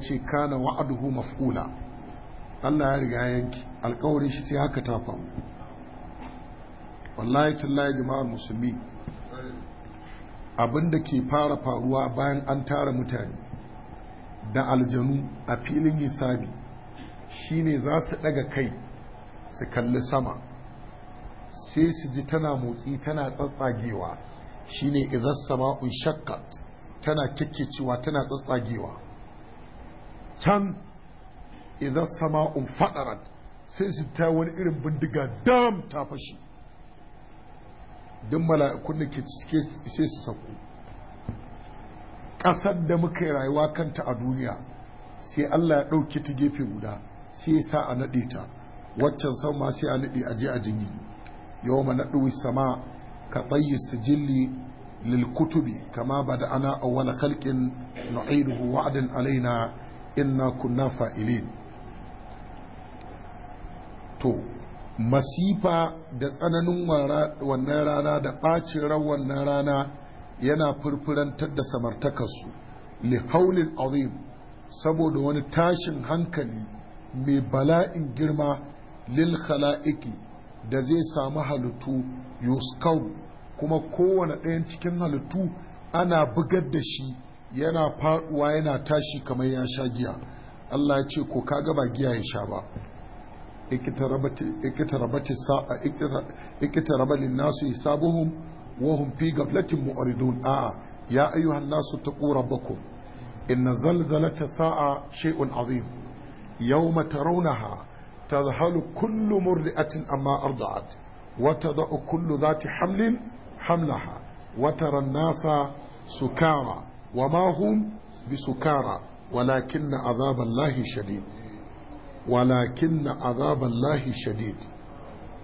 ce kana wa'aduhu maf'ula Allah ya riga yanki alkawarin shi sai haka ta faru wallahi tallahi jama'ar musulmi abinda ke fara faruwa bayan an tara mutane da aljanu a filin hisabi shine za su daga kai su kalli sama sai su ji tana motsi tana tsatsagewa shine idan sama'un shakkat tana kikkicewa tana tsatsagewa can idan sama un um fadarat sai su ta wani irin bindiga dam ta fashi don mala'ikun da ke cike sai su sauko ƙasar da muka yi rayuwa kanta a duniya sai Allah ya ɗauke ta gefe guda sai ya sa a naɗe ta waccan sau ma sai a naɗe a a jini yau ma naɗuwi sama ka tsayi sijilli lil kutubi kama ba da ana awwala khalqin nu'iduhu wa'adin alaina inna kunna fa'ilin to masifa da tsananin wannan rana da ɓacin ran wannan rana yana furfurantar da samartakarsu li haulin azim saboda wani tashin hankali mai bala'in girma lil khala'iki da zai samu halittu yuskau kuma kowane ɗayan cikin halittu ana bugar da shi yana faduwa yana tashi kamar ya sha giya Allah ya ce ko kaga ba giya ya sha ba ikitarabati sa'a ikitarabalin nasu hisabuhum wa hum fi gaflatin mu'ridun a ya ayyuhan nasu taqu rabbakum inna zalzalata sa'a shay'un azim yawma tarawnaha tadhhalu kullu murdi'atin amma arda'at wa tad'u kullu dhati hamlin hamlaha wa tara an-nasa sukara wa ma hum bisukara walakinna azaballahi shadid walakinna azaballahi shadid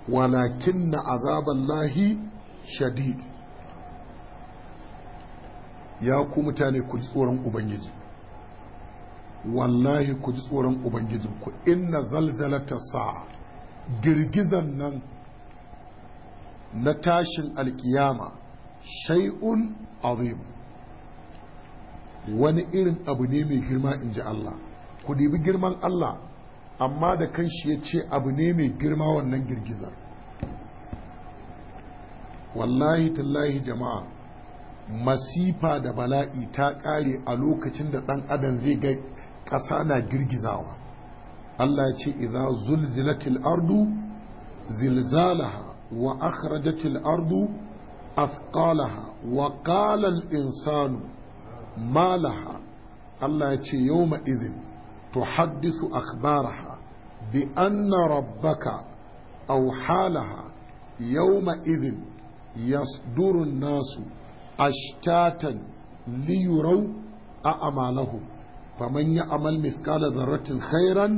walakinna azaballahi shadid ya ku mutane ku ji tsoron ubangiji wallahi ku ji tsoron ubangijinku inna zalzalata sa girgizan nan na tashin alkiyama shay'un azim wani irin abu ne mai girma in ji Allah ku dibi girman Allah amma da kanshi ya ce abu ne mai girma wannan girgizar wallahi tallahi jama'a masifa da bala'i ta ƙare a lokacin da ɗan adam zai ga ƙasa na girgizawa Allah ya ce idza zulzilatil ardu zilzalaha wa akhrajatil ardu afqalaha wa qala al insanu malaha Allah ya ce yau ma'izin tuhaddisu akhbaraha bi anna rabbaka aw halaha yau ma'izin yasdurun nasu ashtatan liyurau a amalahu faman ya amal miskala zarratin khairan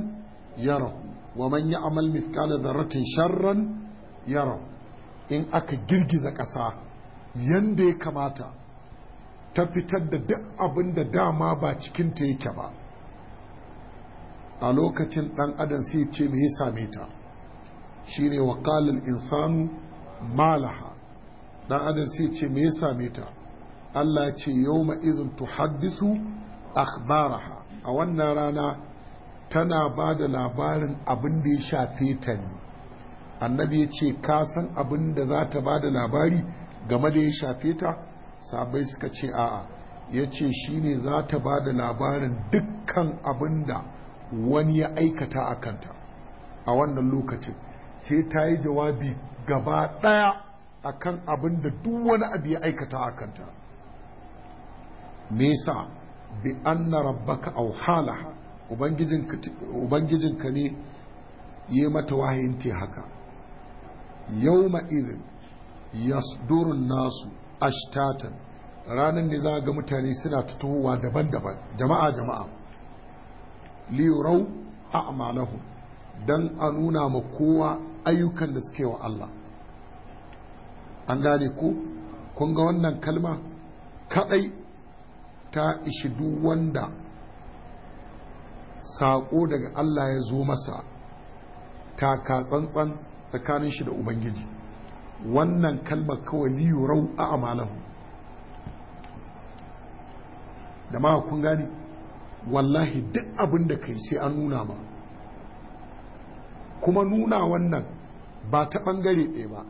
yarahu wa man ya amal miskala zarratin sharran yarahu in aka girgiza ƙasa yanda ya kamata ta fitar da duk abin da dama ba cikin ta yake ba a lokacin ɗan adam sai ce me ya same ta shine wa qalal insanu malaha Ɗan adam sai ce me ya same ta Allah ce yau idhin tuhaddisu akhbaraha a wannan rana tana ba da labarin abin da ya shafe ta ne annabi ya ce ka san abin da za ta ba da labari game da ya shafe ta sabai suka ce a'a ya ce shi ne za ta ba da labarin dukkan abin da wani ya aikata a kanta a wannan lokacin sai ta yi jawabi gaba ɗaya a kan abin da duk wani abu ya aikata a kanta nesa bi anna rabbaka hala ubangijinka ne yi mata wahayin te haka yau ma'izin yasdurun nasu ashtatan ranar ne za ga mutane suna tutuwa daban-daban jama'a jama'a liyurau a amalahu don a nuna ma kowa ayyukan da suke wa Allah an gane ku, kun ga wannan kalma kadai ta ishi duk wanda saƙo daga Allah ya zo masa ta ka tsantsan tsakanin shi da Ubangiji wannan kalmar kawai liyurau a amalahu da ma kun gani wallahi duk abin da kai sai an nuna ma kuma nuna wannan ba ta bangare ɗaya ba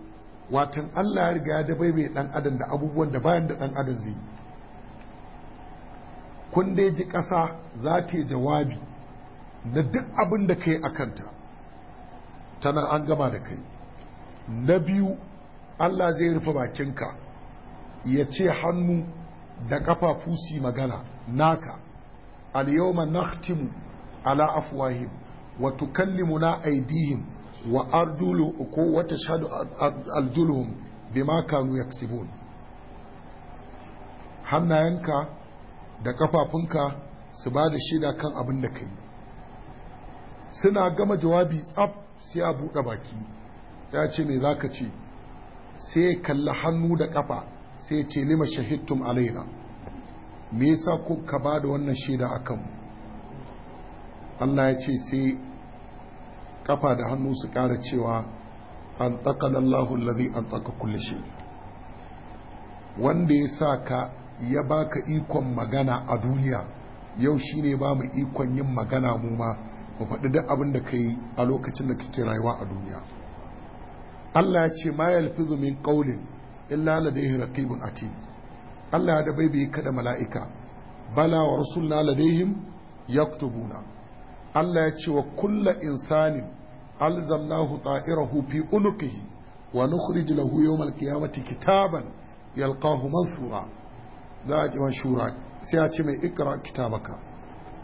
watan allah ya riga ya da bai dan ɗan adam da abubuwan da bayan da dan adam zai kun dai ji ƙasa za ta yi jawabi na duk abin da kai a kanta tana an gama da kai na biyu Allah zai rufe bakinka ya ce hannu da ƙafafu su magana naka al-yawma nakhtimu ala afwahim wa tukallimuna aydihim wa ardulu ko wa tashhadu arjuluhum bima kanu yaksibun hannayenka da kafafunka su ba da shaida kan abin da kai suna gama jawabi tsaf sai a buɗe baki ya ce me zaka ce sai kalli hannu da kafa sai ce lima shahidtum alaina me yasa kuka ba da wannan shaida akan mu Allah ya ce sai ƙafa da hannu su ƙara cewa an taƙala lallahu allazi an taƙa kulle shi wanda ya sa ka ya baka ikon magana a duniya yau shine ba mu ikon yin magana mu ma mu faɗi duk abin da ka yi a lokacin da kake rayuwa a duniya Allah ya ce ma yalfizu min qawlin illa ladayhi raqibun atid Allah da bai bai kada mala'ika bala wa rasulna ladayhim yaktubuna Allah ya ce wa kulla insanin alzamnahu ta'irahu fi unuqihi wa nukhrij lahu yawm al-qiyamati kitaban yalqahu mansura za a ji shura sai a ce mai ikra kitabaka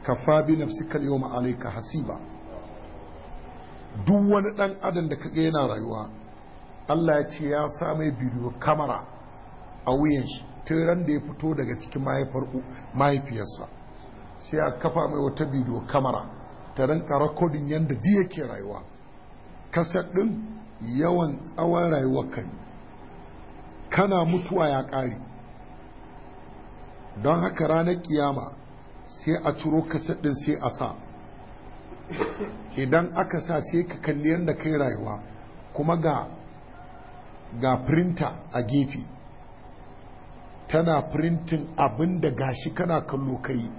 kafa bi nafsika yawma alayka hasiba duk wani dan adam da kaga yana rayuwa Allah ya ce ya same bidiyo kamara a wuyan shi tun ran da ya fito daga cikin mahaifiyarsa sai a kafa mai wata bidiyo kamara ta rinka rakodin yadda di yake rayuwa kasar ɗin yawan tsawon rayuwar kan kana mutuwa ya ƙare don haka ranar kiyama sai a ciro kasar ɗin sai a sa idan aka sa sai ka kalli yadda kai rayuwa kuma ga ga printer a gefe tana printing abin da gashi kana kallo kai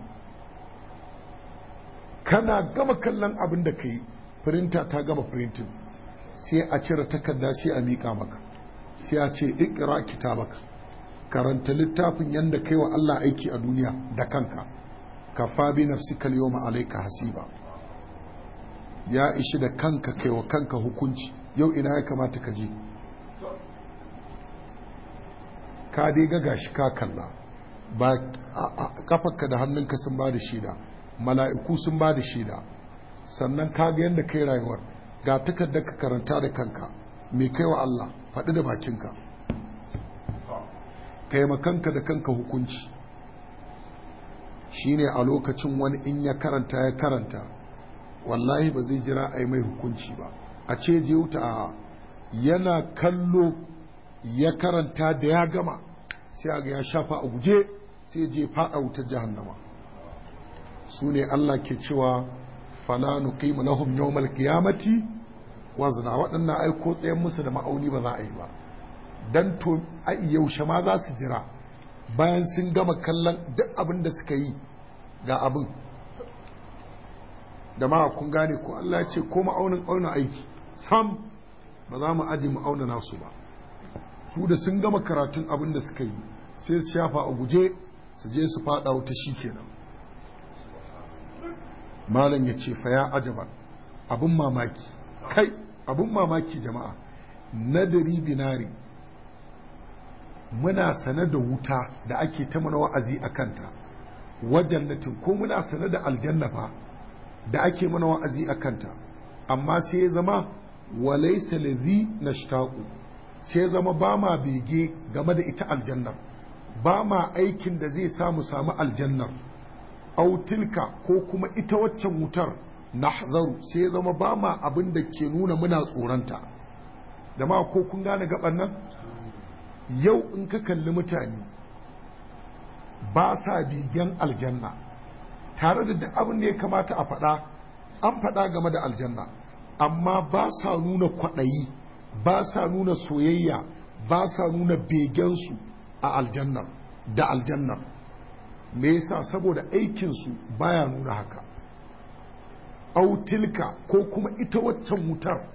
kana gama kallon abin da kai printer ta gama printing sai a cire takarda sai a miƙa maka sai a ce ikra kitabaka karanta littafin yadda kai wa Allah aiki a duniya da kanka ka fabi nafsika yawma alayka hasiba ya ishi da kanka kai wa kanka hukunci yau ina ya kamata ka je ka dai ga gashi ka kalla ba kafarka da hannunka sun ba da shida mala'iku sun ba da shida sannan ka ga yadda kai rayuwar ga takardar ka karanta da kanka mai kai wa Allah faɗi da bakinka taimakanka da kanka hukunci shine a lokacin wani in ya karanta ya karanta wallahi ba zai jira a yi mai hukunci ba a ce je wuta yana kallo ya karanta da ya gama sai ga ya shafa a guje sai je fada wutar jahannama su ne Allah ke cewa fala nuqimu lahum yawmal qiyamati wazna waɗannan aiko tsayen musu da ma'auni ba za a yi ba dan to a yaushe ma za su jira bayan sun gama kallon duk abin da suka yi ga abin da ma kun gane ko Allah ce ko ma'aunin auna aiki sam ba za mu aji mu auna nasu ba su da sun gama karatun abin da suka yi sai su shafa a guje su je su fada wuta shi kenan malam ya ce faya ajaba abin mamaki kai abin mamaki jama'a nadari binari muna sane da wuta da ake ta mana wa'azi a kanta wajen wajannatin ko muna sane da aljanna fa da ake mana wa'azi a kanta amma sai ya zama walaisa lazi na shtaku sai zama ba ma bege game da ita aljannar ba ma aikin da zai samu samu aljannar autilka ko kuma ita waccan wutar na nahzaru sai zama ba ma abin da ke nuna muna tsoronta da ma ko kun gane gaban nan yau in ka kalli mutane ba sa bigen aljanna tare da duk abin da ya kamata a faɗa an faɗa game da aljanna amma ba sa nuna kwaɗayi ba sa nuna soyayya ba sa nuna begensu a aljanna da aljanna. me yasa saboda aikinsu baya nuna haka autilka ko kuma ita waccan wutar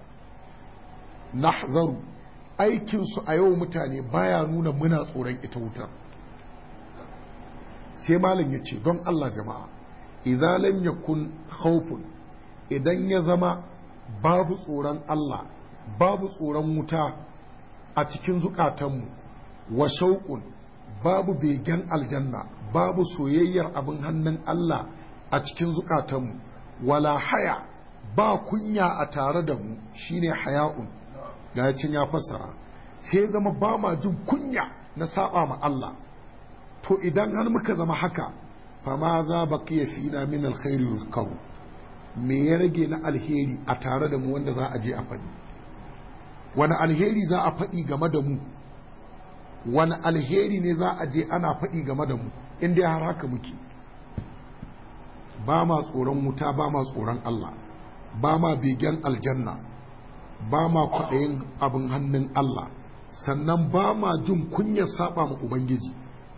nahzaru aikinsu a yau mutane baya nuna muna tsoron ita wutar sai malam ya ce don Allah jama'a idan lam yakun khawfun idan ya zama babu tsoron Allah babu tsoron wuta a cikin zukatanmu wa shauƙun babu begen aljanna babu soyayyar abin hannun Allah a cikin zukatanmu wala haya ba kunya a tare da mu shine haya'un ga cin ya fassara sai zama ba ma jin kunya na saba ma Allah to idan har muka zama haka fama za baqiya na min alkhairi yuzkaru me ya rage na alheri a tare da mu wanda za a je a faɗi wani alheri za a faɗi game da mu wani alheri ne za a je ana faɗi game da mu inda har haka muke ba ma tsoron wuta ba ma tsoron Allah ba ma begen aljanna ba ma kwaɗayin abin hannun Allah sannan ba ma jin kunyar saba ma Ubangiji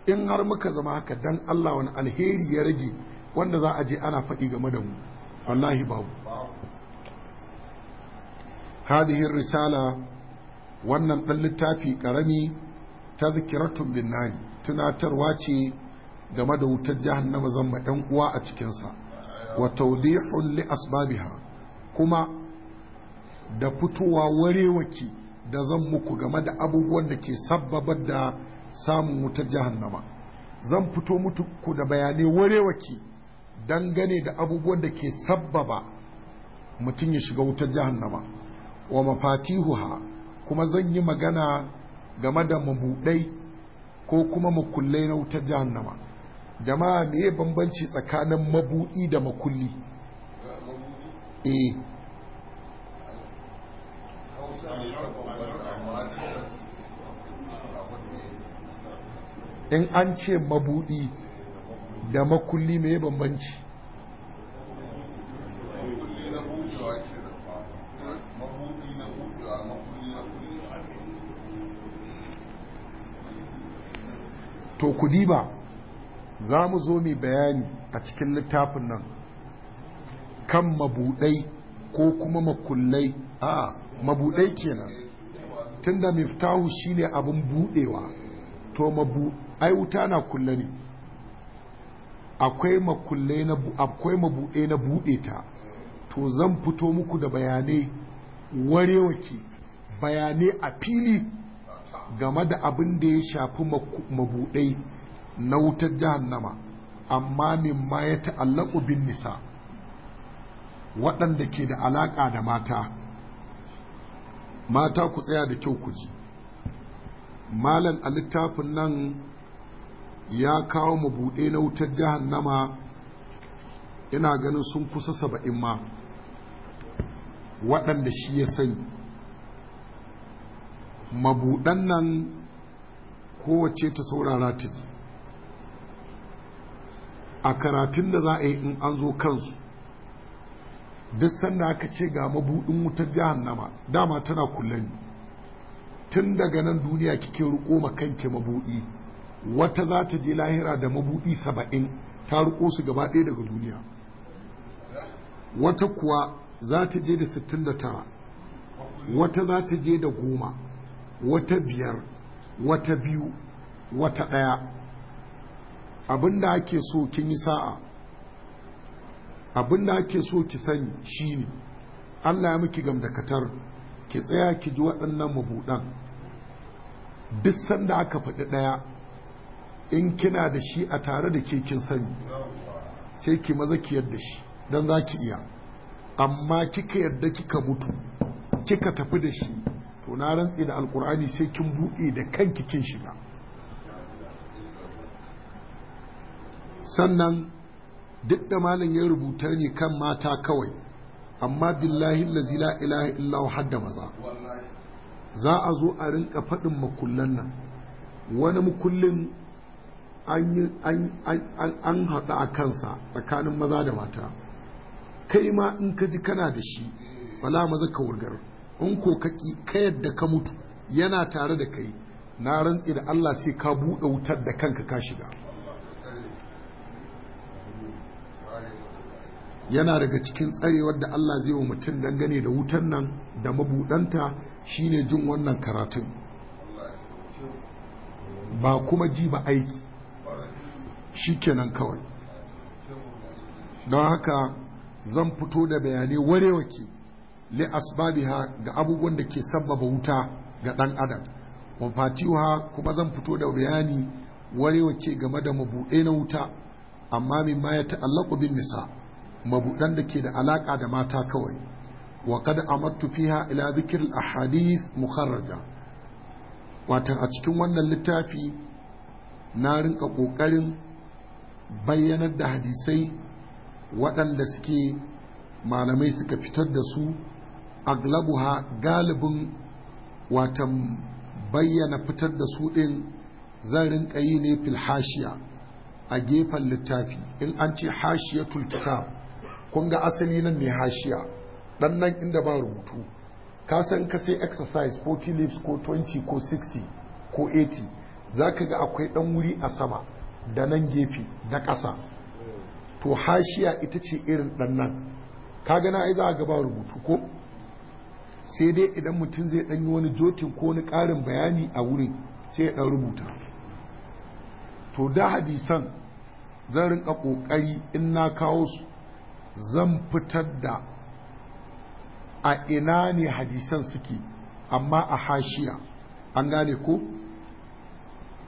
in har muka zama haka dan Allah wani alheri ya rage wanda za a je ana faɗi game da mu wallahi babu هذه risala, wannan ɗan littafi ƙarami ta zikiratun binnari tunatarwa ce game da wutar jahannama zan ma 'yan uwa a cikinsa wa taudihun li asbabiha kuma da fitowa warewaki da zan muku game da abubuwan da ke sabbabar da samun wutar jahannama zan fito muku da bayanai warewaki dangane da abubuwan da ke sabbaba mutum ya shiga wutar jahannama wa mafatihuha kuma zan yi magana game da mabudai ko kuma makullai na wutar jahannama jama'a me ya bambanci tsakanin mabudi da makulli eh. in an ce mabudi da makulli me ya bambanci to ku diba za mu zo mai bayani a cikin littafin nan kan mabudai ko kuma makullai a mabudai kenan tunda miftahu shine abin budewa to mabu ai wuta na kulle ne akwai makullai na akwai mabuɗe na buɗe ta to zan fito muku da bayanai warewaki bayanai a fili game da abin da ya shafi mabudai na wutar nama, amma mimma ya ta'allaku bin nisa waɗanda ke da alaƙa da mata mata ku tsaya da kyau ku ji malam a littafin nan ya kawo mabuɗe na wutar nama, ina ganin sun kusa saba'in ma waɗanda shi ya sani mabuɗan nan kowace ta saurara ta ji a karatun da za a yi in an zo kansu duk sanda aka ce ga mabuɗin wutar nama dama tana kullum tun daga nan duniya kike riko makanke mabudi wata za ta je lahira da mabudi saba'in ta riko su gaba ɗaya daga duniya wata kuwa za ta je da sittin da tara wata za ta je da goma wata biyar wata biyu wata ɗaya abinda ake so kin yi sa'a abinda ake so ki sani shine Allah ya miki gamdakatar ki tsaya ki ji waɗannan mabuɗan duk sanda aka faɗi ɗaya in kina da shi a tare da ke kin sani sai ki maza ki yadda shi don za ki iya amma kika yadda kika mutu kika tafi da shi na rantsi da alkur'ani sai kin buɗe da kanki kin shiga sannan duk da malam ya rubuta ne kan mata kawai amma billahi lazi la ilaha illahu hadda maza za a zo a rinka faɗin makullan nan wani mukullin an haɗu a kansa tsakanin maza da mata kai ma in ka ji kana da shi wala maza ka wurgar in ko ka ka yadda ka mutu yana tare da kai na rantsi da Allah sai ka buɗe wutar da kanka ka shiga yana daga cikin tsarewar da Allah zai wa mutum dangane da wutar nan da mabuɗanta shine jin wannan karatun ba kuma ji ba aiki shikenan kawai don haka zan fito da bayanai warewa ke. li asbabiha ga abubuwan da ke sabbaba wuta ga dan adam wa kuma zan fito da bayani warewa ke game da mabuɗe na wuta amma min ma ya ta'allaqu bin nisa mabuɗan da ke da alaƙa da mata kawai wa qad amattu fiha ila dhikr al ahadith mukharraja watan a cikin wannan littafi na rinka ƙoƙarin bayyanar da hadisai waɗanda suke malamai suka fitar da su aglabuha galibin watan bayyana fitar da su ɗin zarin rinka ne fil hashiya a gefen littafi in an ce hashiyatul kitab kun ga asali nan ne hashiya dan nan inda ba rubutu ka san ka sai exercise 40 leaves ko 20 ko 60 ko 80 zaka ga akwai dan wuri a sama da nan gefe na ƙasa to hashiya ita ce irin dan nan ka gana ai za a gaba rubutu ko sai dai idan mutum zai ɗan yi wani jotin ko wani ƙarin bayani a wurin sai ya ɗan rubuta to da hadisan zan rinka ƙoƙari in na kawo su zan fitar da a ina ne hadisan suke amma a hashiya an gane ko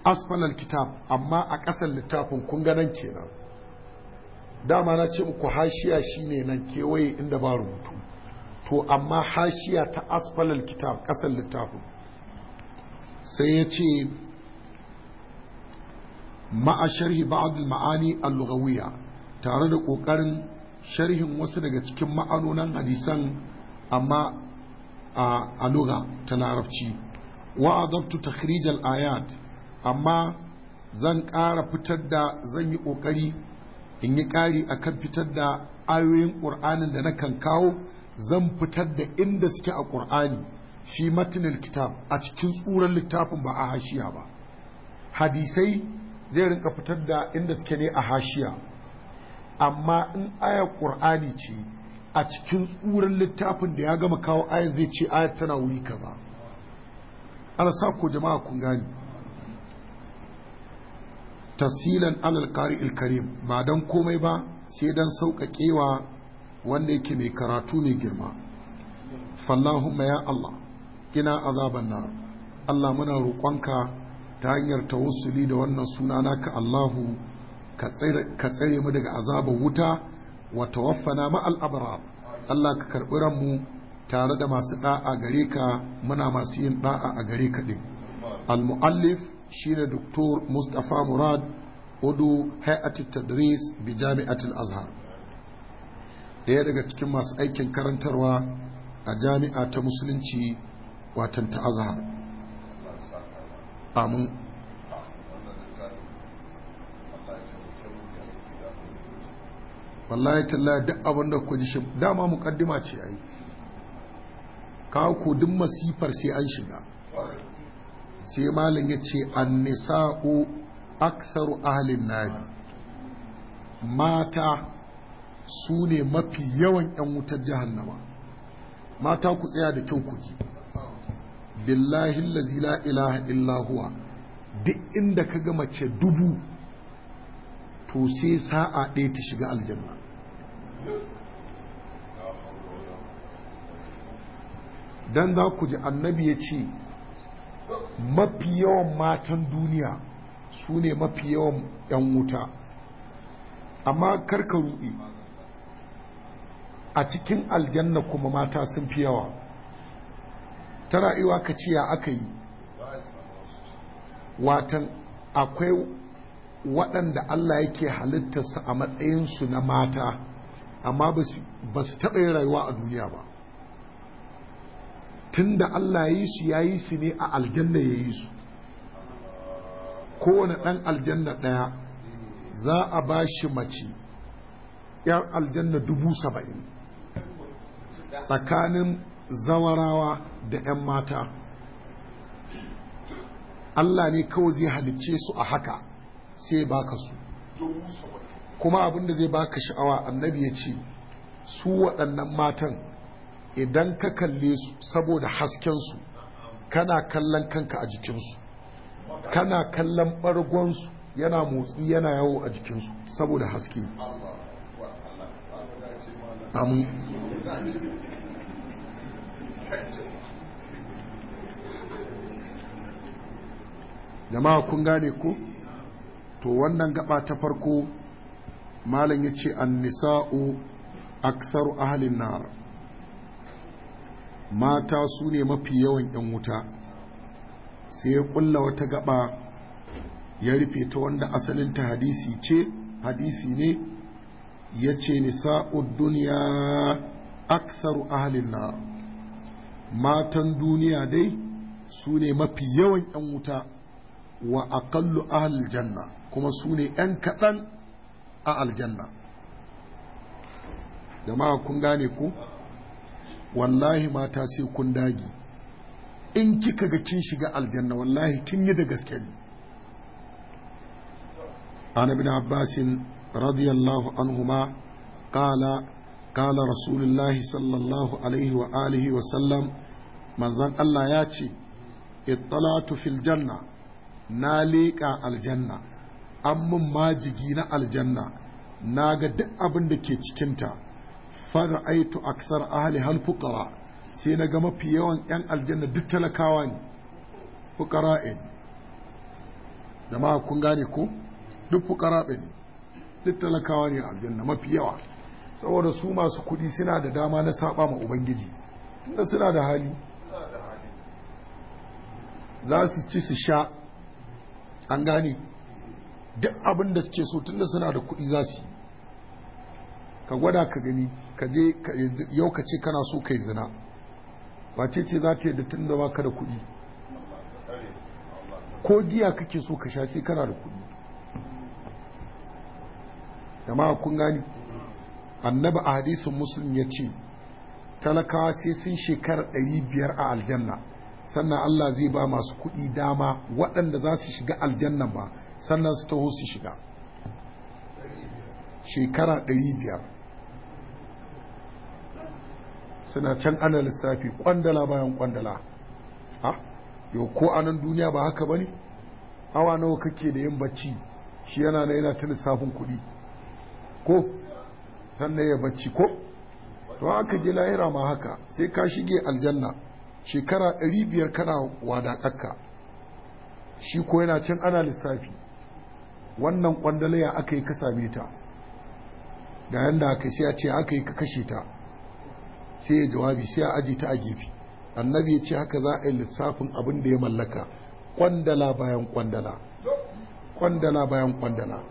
asfalar kitab amma a ƙasar littafin kun ganan kenan dama na ce muku hashiya shine nan kewaye inda ba rubutu to amma hashiya ta asfalal kitab kasar littafin sai ya ce ma'a sharhi ba'd ma'ani al-lughawiyya tare da kokarin sharhin wasu daga cikin ma'anonin hadisan amma a aluga ta larabci wa adabtu takhrij al-ayat amma zan ƙara fitar da zan yi ƙoƙari in yi ƙari akan fitar da ayoyin ƙur'anin da na kan kawo zan fitar da inda suke a ƙur'ani shi matinin kitab a cikin tsuran littafin ba a hashiya ba hadisai zai rinka fitar da inda suke ne a hashiya amma in ayar ƙur'ani ce a cikin tsuran littafin da ya gama kawo ayar zai ce ayar tana wuri kaza An sa ko jama'a kun gani tasilan alal qari'il karim ba don komai ba sai don sauƙaƙewa wanda yake mai karatu mai girma fallahumma ya Allah gina azaban nar Allah muna roƙonka ta hanyar tawassuli da wannan suna naka Allahu ka tsare mu daga azabar wuta wa tawaffana ma al'abara Allah ka karɓi ranmu tare da masu ɗa'a gare ka muna masu yin ɗa'a a gare ka ɗin al-mu'allif shine Dr. Mustapha Murad Udu Hay'atul Tadris bi Jami'atul Azhar ɗaya daga cikin masu aikin karantarwa a jami'a ta musulunci watan ta azhar amin wallahi tallah duk abin da ku ji shi dama mukaddima ce ai kawo ku duk masifar sai an shiga sai malin ya ce nisa'u aksaru ahlin nari mata su ne mafi yawan 'yan wutar jahannama mata ku tsaya da kyau ku ji billahi lazi la ilaha huwa duk inda ka ga mace dubu to sai sa'a ɗaya ta shiga aljanna dan za ku ji annabi ya ce mafi yawan matan duniya su ne mafi yawan 'yan wuta amma karka ruɗe a cikin aljanna kuma mata sun fi yawa Ta iwa ka ya aka yi watan akwai waɗanda Allah yake halittarsa a matsayinsu na mata amma ba su taɓa yin rayuwa a duniya ba tun da Allah ya yi su ya yi su ne a aljanna ya yi su kowane ɗan aljanna ɗaya za a ba shi mace ‘yar aljanna dubu saba'in tsakanin zawarawa da 'yan mata Allah ne kawai zai halicce su a haka sai baka su kuma abin da zai baka sha'awa annabi ya ce su waɗannan matan idan ka kalle su saboda su, kana kallon kanka a jikinsu kana kallon ɓargonsu yana motsi yana yawo a jikinsu saboda haske jama'a kun gane ko to wannan gaba ta farko malam ya ce nisa'u aksaru ahalin nar mata su ne mafi yawan 'yan wuta sai ya kulla wata gaba ya rufe ta wanda asalin ta hadisi ce hadisi ne ya ce nisa'u duniya aksaru ahalin nar matan duniya dai su ne mafi yawan 'yan wuta wa aqallu ahal janna kuma su ne 'yan kaɗan a aljanna jama'a kun gane ku wallahi mata sai kun dagi in kika ga kin shiga aljanna wallahi kin yi da gaske ne an ibn abbas radiyallahu ma qala qala rasulullahi sallallahu alaihi wa alihi wa sallam manzon Allah ya ce ittalatu fil janna na leƙa aljanna an mun majigi na aljanna na ga duk abin da ke cikinta fara'aitu aksar ahli hal fuqara sai na ga mafi yawan yan aljanna duk talakawa ne fuqara'in jama'a kun gane ko duk fuqara ne duk talakawa ne aljanna mafi yawa saboda su masu kuɗi suna da dama na saba ma ubangiji tunda suna da hali za su ci su sha an gane duk abin da suke so tunda suna da kuɗi za su ka gwada ka gani ka je yau ka ce kana so kai zina ba ce za ta yi da tunda da kuɗi ko giya kake so ka sha sai kana da kuɗi jama'a kun gani annabi a hadisin musulun ya ce talakawa sai sun shekara 500 a aljanna sannan Allah zai ba masu kuɗi dama waɗanda za su shiga aljanna ba sannan su taho su shiga shekara ɗari biyar suna can ana lissafi ƙwandala bayan ƙwandala. ha yau ko anan duniya ba haka ba ne awa nawa kake da yin bacci shi yana na yana ta lissafin kuɗi ko sannan ya bacci ko to aka ji lahira ma haka sai ka shige aljanna shekara 500 kana wadakakka shi ko yana cin ana lissafi wannan ya aka yi ka same ta ga yadda aka sai a ce aka yi ka kashe ta sai ya jawabi sai a aji ta a gefe annabi ya ce haka za a yi lissafin abin da ya mallaka kwandala bayan kwandala ƙwandala bayan ƙwandala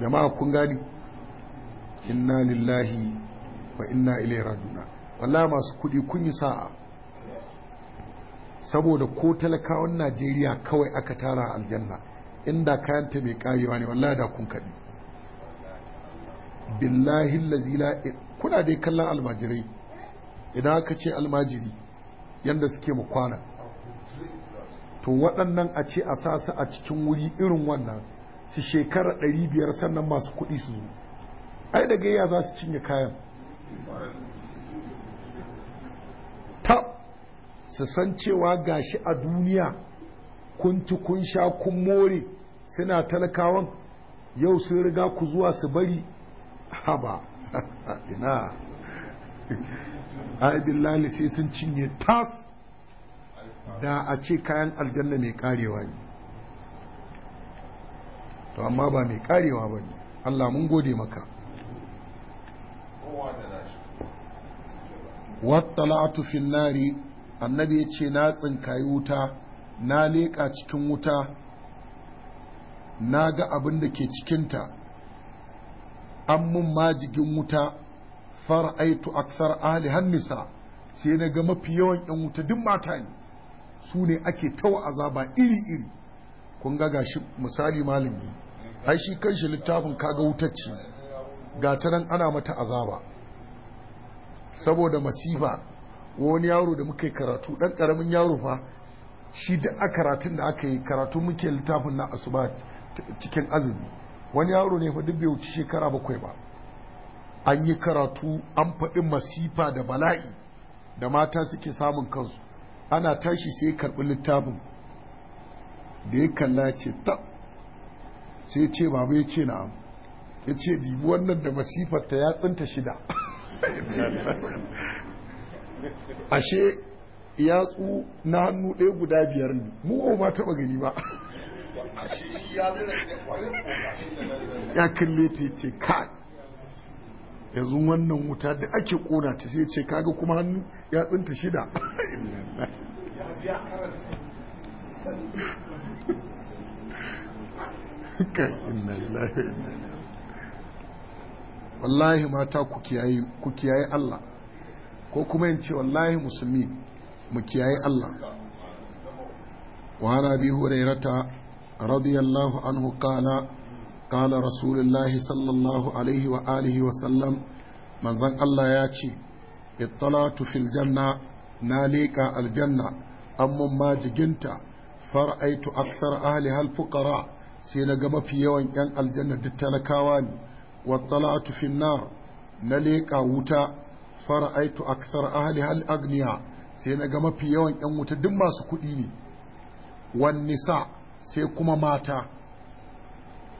jama'a kun gani inna lillahi wa inna ilai raduna wallahi masu kuɗi kun yi sa'a saboda ko talakawan najeriya kawai aka tara aljanna inda kayanta mai karewa ne wallahi da kun kaɗi billahi lazila kuna dai kallon almajirai idan aka ce almajiri yadda suke mu kwana to waɗannan a ce a sa su a cikin wuri irin wannan su shekara ɗari biyar sannan masu kuɗi su zo ai da gayya za su cinye kayan ta su san cewa gashi a duniya kun kun sha kun more suna talakawan yau sun riga ku zuwa su bari haba ina aibin sai sun cinye tas da a ce kayan aljanna mai karewa ne to amma ba mai karewa ba ne allah mun gode maka wattala'atu finnari annabi ya ce na tsinkayi wuta na leƙa cikin wuta na ga abin da ke cikinta an mun majigin wuta far'aitu aksar ahli hannisa sai na ga mafi yawan yan wuta duk mata ne su ne ake tawa azaba iri-iri kun ga gashi misali malami ai shi kanshi littafin kaga wutacce ga ta ana mata azaba saboda masifa wani yaro da muka yi karatu dan karamin yaro fa shi da a karatun da aka yi karatu muke littafin na asuba cikin azumi wani yaro ne fa duk bai wuce shekara bakwai ba an yi karatu an faɗi masifa da bala'i da mata suke samun kansu ana tashi sai karɓi littafin da ya kalla ce ta sai ce ba ya ce na'am ya ce dibi wannan da masifar ta ya tsinta shida ashe yatsu na hannu ɗaya guda biyar ne mu ba ma taɓa gani ba ya kalle ta ce kai yanzu wannan wuta da ake kona ta sai ce kaga kuma hannu ya tsinta shida kai inna lillahi inna wallahi mata ku kiyaye Allah ko kuma in ce wallahi musulmi mu kiyaye Allah wa ana bi hurairata radiyallahu anhu qala qala rasulullahi sallallahu alaihi wa alihi wa sallam manzan Allah ya ce ittalatu fil janna na leƙa aljanna amma majiginta far'aitu aksar ahli hal fuqara sai na ga mafi yawan yan aljanna duk talakawa ne واطلعت في النار na leƙa wuta fara'aitu aksar ahli hal agniya sai na ga mafi yawan yan wuta duk masu kuɗi ne wan sai kuma mata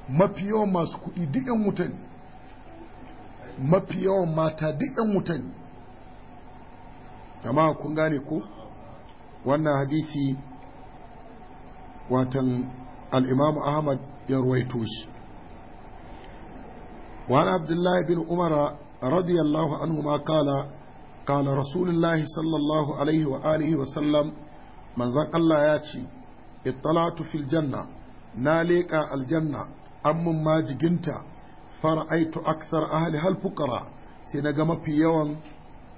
mafi yawan masu kuɗi duk yan wuta ne mafi yawan mata duk wuta wannan hadisi watan al'imamu ahmad ya ruwaito shi وعن عبد الله بن عمر رضي الله عنهما قال قال رسول الله صلى الله عليه وآله وسلم من ذاق الله ياتي اطلعت في الجنة ناليك الجنة أم ما جنتا فرأيت أكثر أهلها الفقراء سنقم في يوم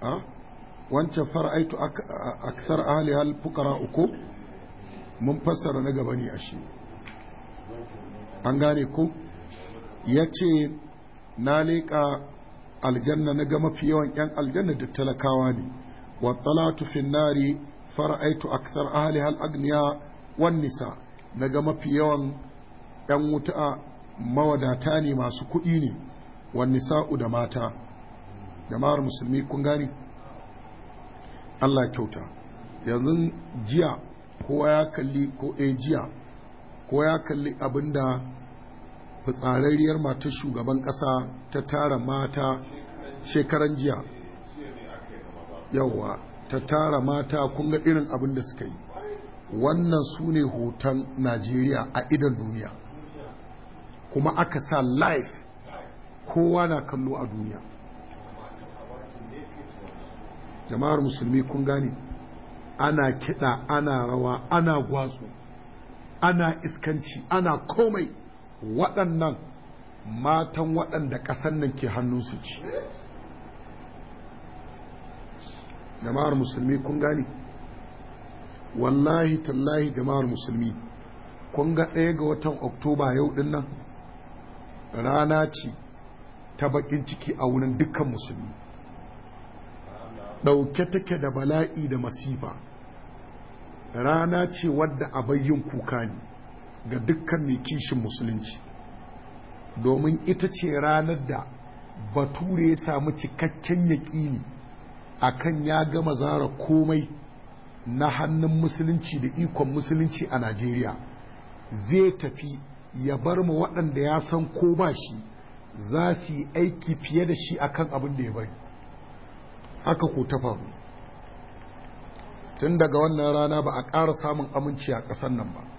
أه؟ wancan fara'aitu aksar ahli hal fukara uku mun fassara na gaba ne a shi an gane ku ya ce na leƙa aljanna na ga mafi yawan 'yan aljanna da talakawa ne wa talatu fin nari fara'aitu aksar ahli hal agniya wan nisa na ga mafi yawan 'yan wuta mawadata ne masu kuɗi ne wan nisa'u da mata jama'ar musulmi kun gani Allah kyauta yanzu jiya kowa ya kalli ko ejiya eh, jiya ko ya kalli abinda fitsararriyar matar shugaban ƙasa ta tara mata shekaran jiya yawa ta tara mata kun ga irin abin da suka yi wannan su ne hoton najeriya a idan duniya kuma aka sa laif kowa na kallo a duniya jama'ar musulmi kun gane ana kiɗa ana rawa ana gwatsu ana iskanci ana komai waɗannan matan waɗanda ƙasan nan ke hannunsu ce jama'ar musulmi kun gane wallahi tallahi jama'ar musulmi kun ga ɗaya ga watan oktoba yau ɗin nan rana ce ta baƙin ciki a wurin dukkan musulmi ɗauke take da bala'i da masifa rana ce wadda a abayyin kuka ne ga dukkan mai kishin musulunci domin ita ce ranar da bature ya samu cikakken yaƙini kan ya gama zara komai na hannun musulunci da ikon musulunci a najeriya zai tafi ya bar mu waɗanda ya san ko ba shi za su yi aiki fiye da shi akan abin da ya bari haka ko ta faru tun daga wannan rana ba a ƙara samun aminci a ƙasar nan ba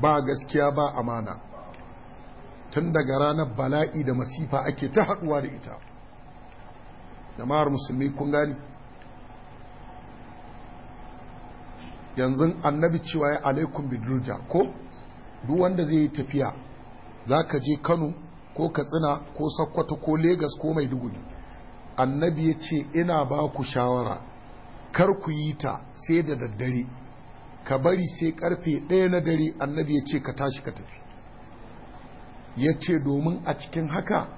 ba gaskiya ba amana tun daga ranar bala'i da masifa ake ta haɗuwa da ita jama'ar musulmi kun gani yanzu annabi cewa ya alaikun bidruja ko duk wanda zai yi tafiya za ka je kano ko katsina ko sakkwato ko Legas ko maiduguri annabi ya ce ina ba ku shawara kar ku yi ta sai da daddare ka bari sai karfe ɗaya na dare annabi ya ce ka tashi ka tafi ya ce domin a cikin haka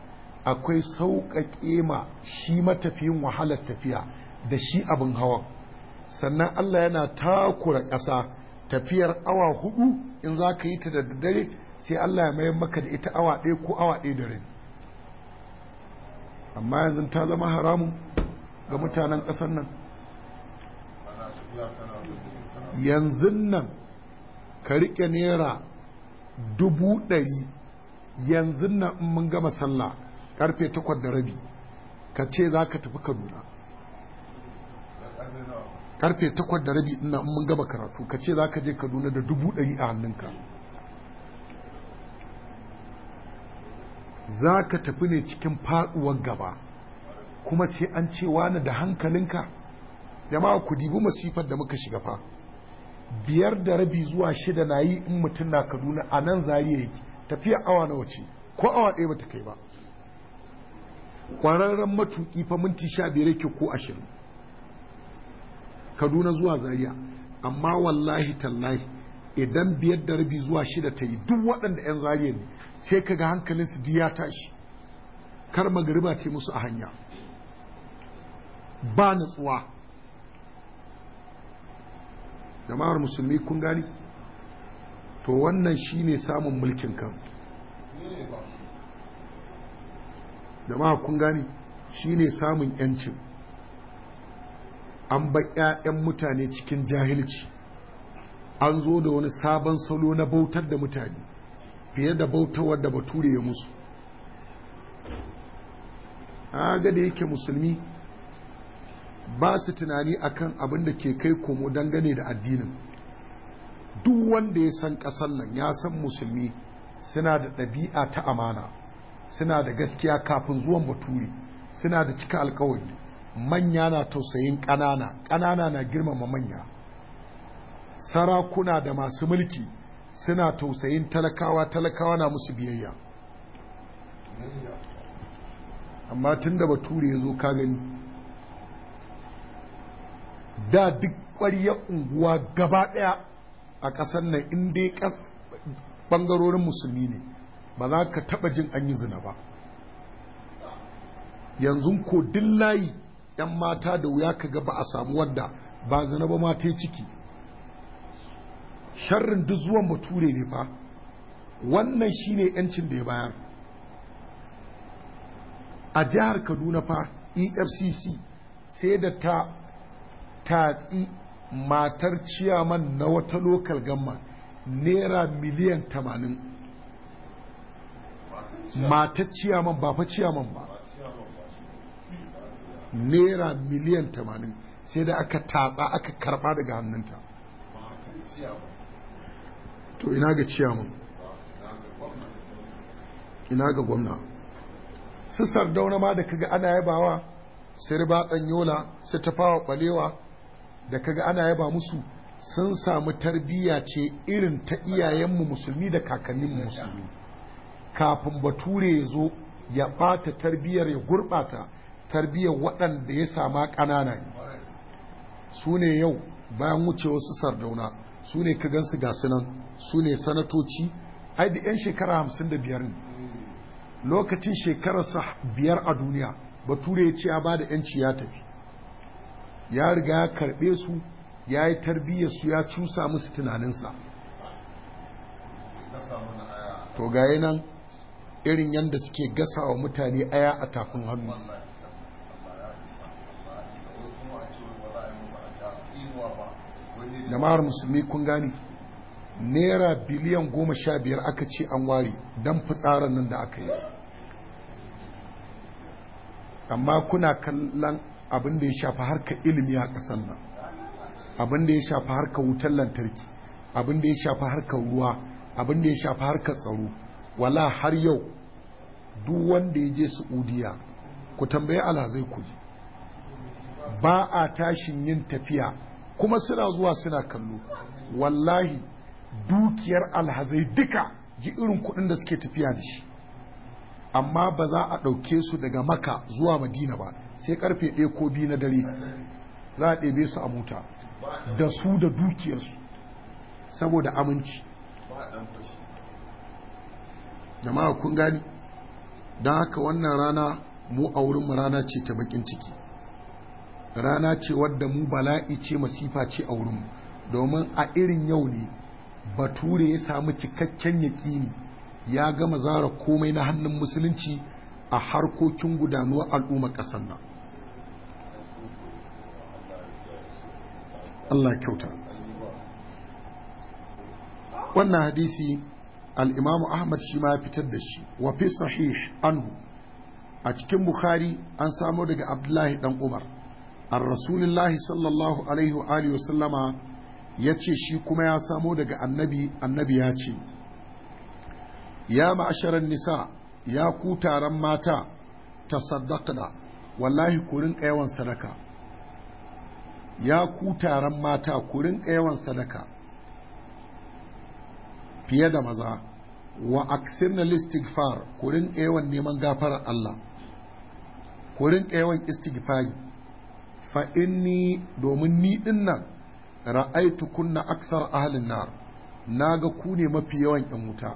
akwai sauƙaƙe ma shi matafiyin wahalar tafiya da shi abin hawa. sannan Allah yana takura ƙasa tafiyar awa hudu in za ka yi ta da dare sai Allah ya mayar maka da ita awa ɗaya ko awa ɗaya dare amma yanzu ta zama haramun ga mutanen ƙasar nan yanzu nan ka riƙe naira dubu ɗari yanzu nan in mun gama sallah ƙarfe takwas da rabi ka ce za ka tafi kaduna ƙarfe takwas da rabi ina in mun gama karatu ka ce za ka je kaduna da dubu ɗari a hannunka za ka tafi ne cikin faɗuwar gaba kuma sai an ce wani da hankalinka jama'a ku dibi masifar da muka shiga fa biyar da rabi zuwa shida na yi in mutum na kaduna a nan zariya yake tafiya awa na wace ko awa ɗaya bata kai ba Ƙwararren matuƙi fa minti sha biyar yake ko ashirin kaduna zuwa zariya amma wallahi tallahi idan biyar da rabi zuwa shida ta yi duk waɗanda 'yan zariya ne sai ka ga hankalinsu duk ya tashi kar magariba ta musu a hanya ba natsuwa jama'ar musulmi kun gani to wannan shi ne samun mulkin kan jama'ar kun gani ne samun yancin an ba 'ya'yan mutane cikin jahilci an zo da wani sabon salo na bautar da mutane fiye da wadda da bature ya musu a ga da yake musulmi ba su tunani akan abin da ke kai komo dangane da addinin duk wanda ya san ƙasar nan ya san musulmi suna da ɗabi'a ta amana suna da gaskiya kafin zuwan baturi suna da cika alkawari manya na tausayin ƙanana ƙanana na girmama manya sarakuna da masu mulki suna tausayin talakawa talakawa na musu biyayya amma tun da bature ya zo ka gani da duk kwariya unguwa gaba ɗaya a ƙasar nan in dai ɓangarorin musulmi ne ba za ka taɓa jin an yi zina ba yanzu ko duk layi 'yan mata da wuya ka ga ba a samu wadda ba zina ba mata ciki sharrin duk zuwan bature ne fa wannan shine 'yancin da ya bayar a jihar kaduna fa efcc sai da ta tatsi matar ciyaman na wata lokal gamma naira miliyan tamanin matar ciyaman ba fa ciyaman ba naira miliyan tamanin sai da aka tatsa aka karba daga hannunta to ina ga ciyaman ina ga gwamna su sardauna ma da kaga ana yabawa sai riba yola sai ta fawa kwalewa da kaga ana yaba musu sun samu tarbiyya ce irin ta iyayenmu musulmi da kakanninmu musulmi kafin bature ya zo ya ɓata tarbiyyar ya gurɓata tarbiyyar waɗanda ya sama ƙanana su ne yau bayan wuce wasu sardauna su ne ka gansu ga sunan su ne sanatoci ai da 'yan shekara hamsin da biyar ne lokacin shekararsa biyar a duniya bature ya ce ya ba da 'yanci ya tafi ya riga ya karɓe su ya yi tarbiyyar su ya cusa musu tunaninsa to yi nan irin yadda suke gasa wa mutane aya a tafin hannu jama'ar musulmi kun gani naira biliyan goma sha biyar aka ce an ware don fitsarar nan da aka yi amma kuna kallon abin da ya shafa harka ilimi a ƙasar nan abin da ya shafa harka wutar lantarki abin da ya shafa harka ruwa abin da ya shafa harka tsaro wala har yau duk wanda ya je saudiya ku tambayi alhazai ku ji ba a tashin yin tafiya kuma suna zuwa suna kallo wallahi dukiyar alhazai duka ji irin kuɗin da suke tafiya da shi amma ba za a ɗauke su daga maka zuwa madina ba sai karfe ɗaya ko biyu na dare za a ɗebe su a mota da su da dukiyarsu saboda aminci jama'a kun gani don haka wannan rana mu a wurinmu rana ce ta bakin ciki rana ce wadda mu bala'i ce masifa ce a wurinmu domin a irin yau ne bature ya samu cikakken yaƙini ya gama zara komai na hannun musulunci a harkokin gudanuwar al'ummar ƙasar nan Allah kyauta wannan hadisi al Ahmad shi ma ya fitar da shi wa fi sahih anhu a cikin Bukhari an samo daga Abdullahi dan Umar an Rasulullahi sallallahu alaihi wa alihi sallama ya ce shi kuma ya samo daga annabi annabi ya ce ya ma'asharar nisa ya ku taron mata ta saddaƙa wallahi ku rinƙa yawan sadaka ya ku taron mata ku rinka yawan sadaka fiye da maza wa aksirna listigfar ku rinka yawan neman gafarar Allah ku rinka yawan istigfari fa inni domin ni din nan ra'aitu kunna aksar ahlin nar naga ku ne mafi yawan yan wuta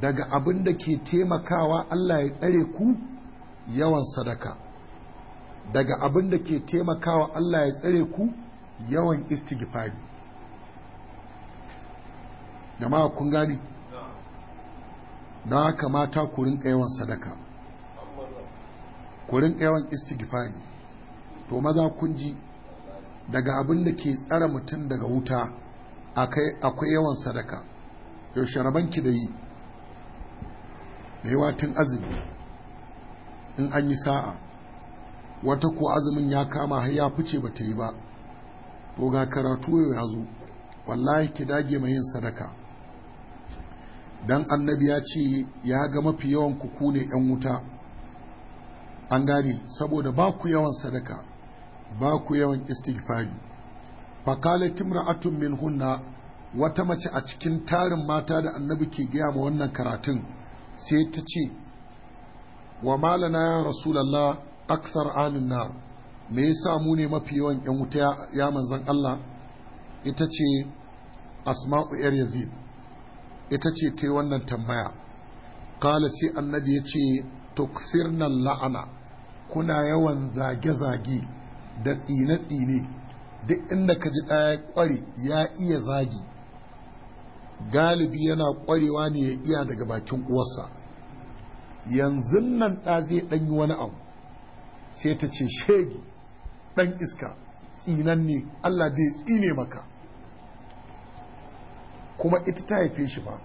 daga abin da ke taimakawa Allah ya tsare ku yawan sadaka daga abin da ke taimakawa Allah ya tsare ku yawan istighfari jama'a kun gani Na haka ku rinka yawan sadaka ku rinka yawan istighfari to maza kun ji daga abin da ke tsara mutum daga wuta akwai yawan sadaka yaushe rabanki da yi da yawa tun azumi in an yi sa'a wata ko azumin ya kama har ya fice ba ta yi ba to ga karatu ya zo wallahi ki dage mai yin sadaka dan annabi ya ce ya ga mafi yawan ku ne yan wuta an gane saboda ba ku yawan sadaka ba ku yawan istighfari fakalat timra'atun min hunna wata mace a cikin tarin mata da annabi ke gaya ma wannan karatun sai ta ce wa malana ya rasulallah aksar alin nar me yasa mu ne mafi yawan yan wuta ya manzan Allah ita ce asma'u yar yazid ita ce ta wannan tambaya kala sai annabi ya ce tuksirnan la'ana kuna yawan zage-zage da tsine-tsine duk inda ka ji ɗaya ƙware ya iya zagi galibi yana ƙwarewa ne ya iya daga bakin uwarsa yanzu nan ɗa zai ɗanyi wani abu sai ta ce shegi ɗan iska ne Allah zai tsine maka kuma ita ta haife shi ba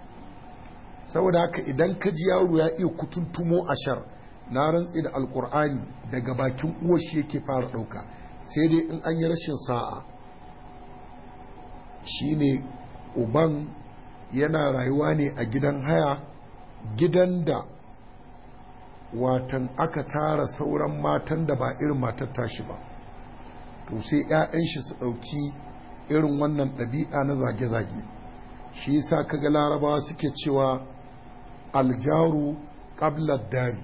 saboda haka idan ka ji yaro ya iya kutuntumo a shar na rantsi da alkur'ani daga bakin uwa shi yake fara ɗauka sai dai in an yi rashin sa'a shine uban yana rayuwa ne a gidan haya gidan da watan aka tara sauran matan da ba irin matar tashi ba to sai 'ya'yan shi su ɗauki irin wannan ɗabi'a na zage-zage shi yasa ga larabawa suke cewa aljaru ƙablar dari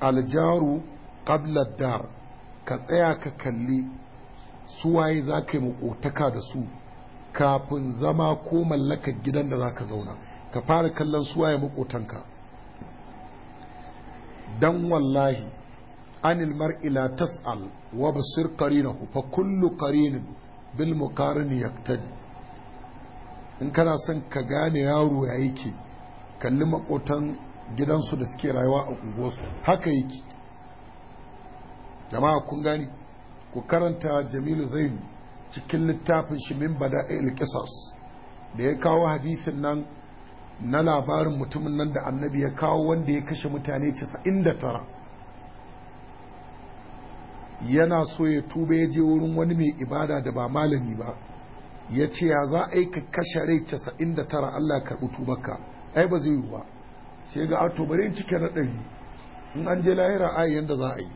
aljaru ƙablar dar ka tsaya ka kalli su waye za ka yi makotaka da su kafin zama ko mallakar gidan da za ka zauna ka fara kallon su waye maƙotanka. dan wallahi anil mar'i la tas'al wa basir qarinahu fa kullu qarin bil muqarin yaktadi in kana son ka gane yaro ya yake kalli makotan gidansu da suke rayuwa a unguwarsu haka yake jama'a kun gani ku karanta jamilu zainu cikin littafin shi min bada'il qisas da ya kawo hadisin nan na labarin mutumin nan da annabi ya kawo wanda ya kashe mutane 99 yana so ya tuba ya je wurin wani mai ibada da ba malami ba ya ce ya za a yi ka kashe rai 99 Allah ya karɓi ka ai ba zai yi ba sai ga ato bari cike na ɗari in an je lahira yi yanda za a yi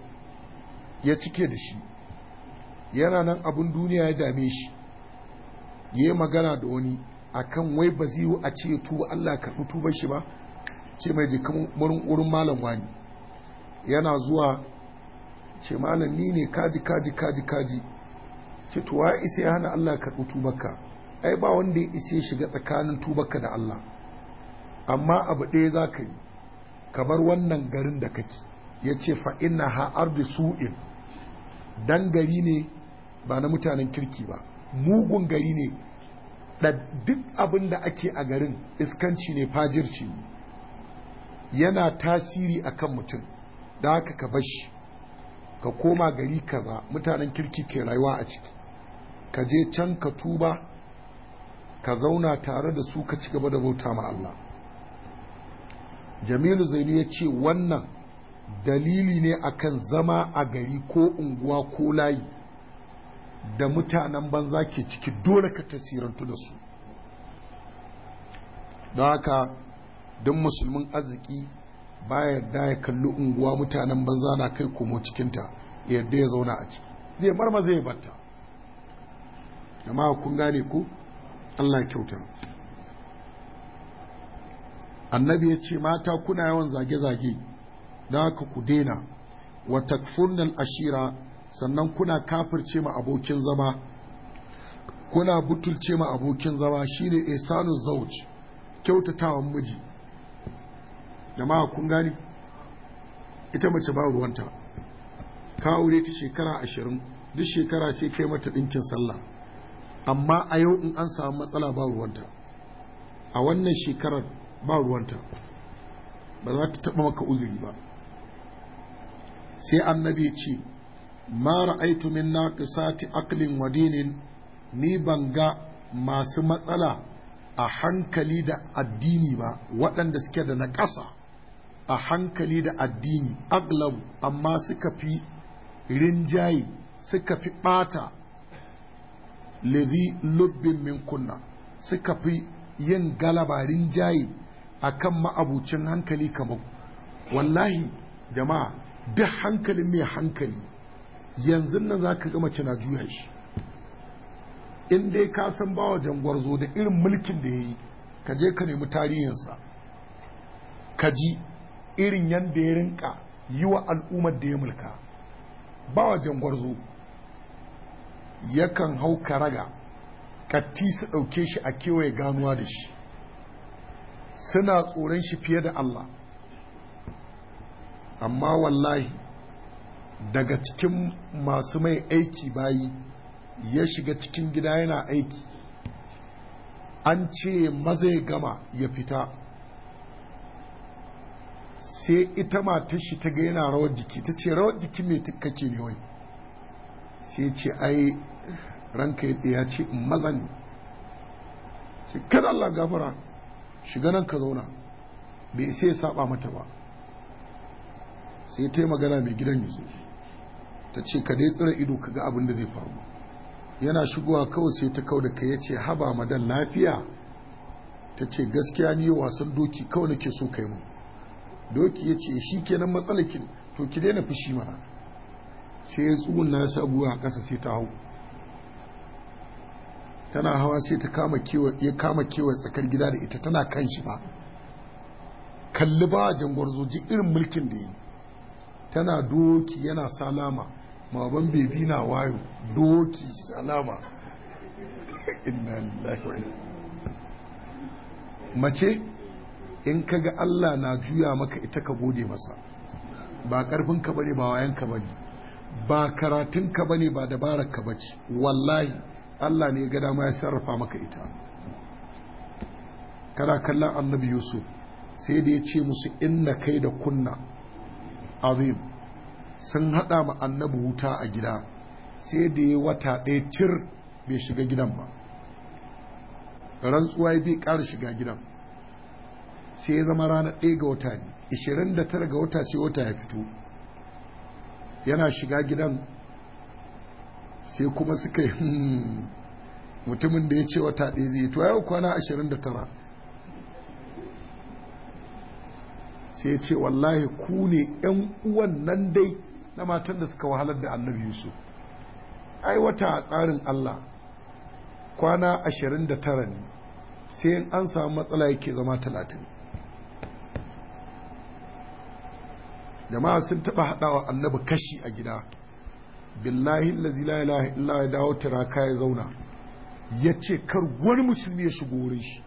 ya cike da shi yana nan abin duniya ya dame shi ya yi magana da wani akan wai ba ziyo a ce tuba Allah karɓi tuba shi ba ce mai jikin wurin malam wani yana zuwa ce malam ni ne kaji kaji kaji kaji ce tuwa isa ya hana Allah karɓi tubaka ai ba wanda ya isa ya shiga tsakanin tubaka da Allah amma abu ɗaya za ka yi ka bar wannan garin da kake ya ce fa'ina ha'ar da su'in dan gari ne ba na mutanen kirki ba mugun gari ne duk abin da ake a garin iskanci ne fajirci yana tasiri akan mutum da haka ka bashi ka koma gari kaza mutanen kirki ke rayuwa a ciki ka je can ka tuba ka zauna tare da su ka ci gaba da bauta ma Allah jamilu zainu ya ce wannan dalili ne akan zama a gari ko unguwa ko layi da mutanen banza ke ciki dole ka tasirantu da su don haka don musulmin arziki ba yarda ya kalli unguwa mutanen banza na kai komo cikinta yadda ya zauna a ciki zai marma zai batta amma kun gane ku allah kyauta annabi ya ce mata kuna yawan zage-zage da haka ku daina wa takfurnal ashira sannan kuna kafirce ma abokin zama kuna butulce ma abokin zama shine isanu zauj kyautatawan miji jama'a kun gani ita mace ba ruwanta ka aure ta shekara ashirin duk shekara sai kai mata ɗinkin sallah amma a yau in an samu matsala ba ruwanta a wannan shekarar ba ruwanta ba za ta taɓa maka uzuri ba sai annabi ce ma ra'aitu min naqisati aqlin wa dinin ni ban ga masu matsala a hankali da addini ba waɗanda suke da na ƙasa a hankali da addini aglab amma suka fi rinjaye suka fi ɓata ladhi lubbin min kunna suka fi yin galaba rinjaye akan ma'abucin hankali kamar wallahi jama'a duk hankalin mai hankali yanzu nan za ka gama na juya shi in dai ka san bawa jangwarzo da irin mulkin da ya yi ka je ka nemi tarihinsa ka ji irin yadda ya rinka yi wa al'ummar da ya mulka bawa jangwarzo yakan hau raga raga tisa ɗauke shi a kewaye ganuwa da shi suna tsoron shi fiye da Allah amma wallahi daga cikin masu mai aiki bayi ya shiga cikin gida yana aiki an ce maza ya gama ya fita sai ita matar shi ta ga yana rawar jiki ta ce rawar jiki mai ke ne wai sai ce ai ranka ya ce maza ne sai kada Allah gafara shiga nan ka zauna bai sai ya saba mata ba sai ta yi magana mai gidan yanzu ta ce ka dai tsira ido ka ga abin da zai faru yana shigowa kawai sai ta kau da ka ya ce haba madan lafiya ta ce gaskiya ni wasan doki kawai nake so kai mu doki ya ce shi kenan matsalakin to ki daina fushi mana sai ya tsugun na buwa a ƙasa sai ta hau tana hawa sai ta kama kewa ya kama kewa tsakar gida da ita tana kan shi ba kalli ba jangwar ji irin mulkin da yi tana doki yana salama Maban bebi na wayo doki salama inna lillahi wa mace in kaga Allah na juya maka ita ka gode masa ba karfin ka bane ba wayan ka bane ba karatun ka bane ba dabarar ka bace wallahi Allah ne ga dama ya sarrafa maka ita kana kallon annabi yusuf sai da ya ce musu inna kai da kunna azim sun hada ma annabi wuta a gida sai da ya wata ɗaya cir bai shiga gidan ba rantsuwa ya bai ƙara shiga gidan sai ya zama rana ɗaya ga wata ne 29 ga wata sai wata ya fito yana shiga gidan sai kuma suka yi hmm, mutumin da ya ce wata ɗaya zai to yau kwana 29 sai ya ce wallahi ku ne 'yan uwan nan dai na matan da suka wahalar da annabi yusuf ai wata a tsarin allah kwana ashirin da tara ne sai in an samu matsala yake zama talatin jama'a sun taɓa haɗawa annabi kashi a gida billahi lazi la ilaha illa ya dawo tiraka ya zauna ya ce kar wani musulmi ya shigo wurin shi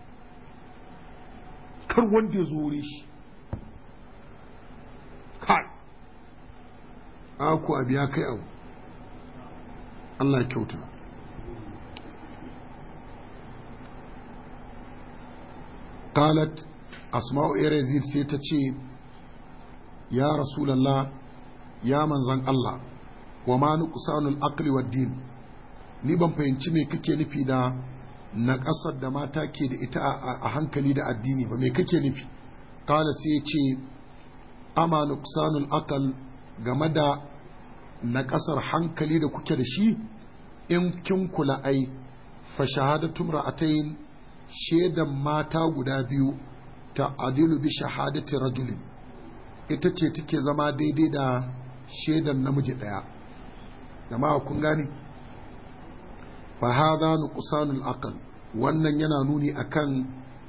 kar wanda ya zo wurin shi aku abu ya kai abu Allah kyauta qalat asma'u irazid sai ta ce ya rasulallah ya manzan Allah wa ma nuqsanul aqli din ni ban fahimci me kake nufi da na ƙasar da mata ke da ita a hankali da addini ba me kake nufi kala sai ce ama nuqsanul aqal game da na ƙasar hankali da kuke da shi in kin kula ai fa shahadatum ra'atayn shaidan mata guda biyu ta adilu bi shahadati rajulin ita ce take zama daidai da shaidan namiji ɗaya jama'a kun gane fa hadha nuqsanul aql wannan yana nuni akan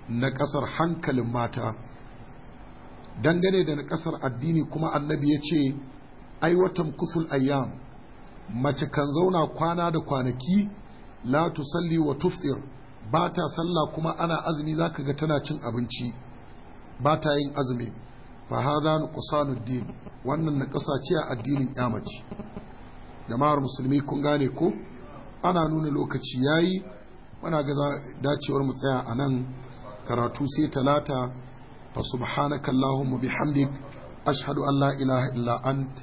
na ƙasar hankalin mata dangane da na ƙasar addini kuma annabi ya ce ai watan kusul ayyam mace kan zauna kwana da kwanaki la tusalli wa tuftir ba ta sallah kuma ana azumi zaka ga tana cin abinci ba ta yin azumi fa hadha nuqsanuddin wannan na ce a addinin yamaci jama'ar musulmi kun gane ko ana nuna lokaci yayi muna ga dacewar mu tsaya a nan karatu sai talata fa subhanakallahumma bihamdik ashhadu an la ilaha illa anta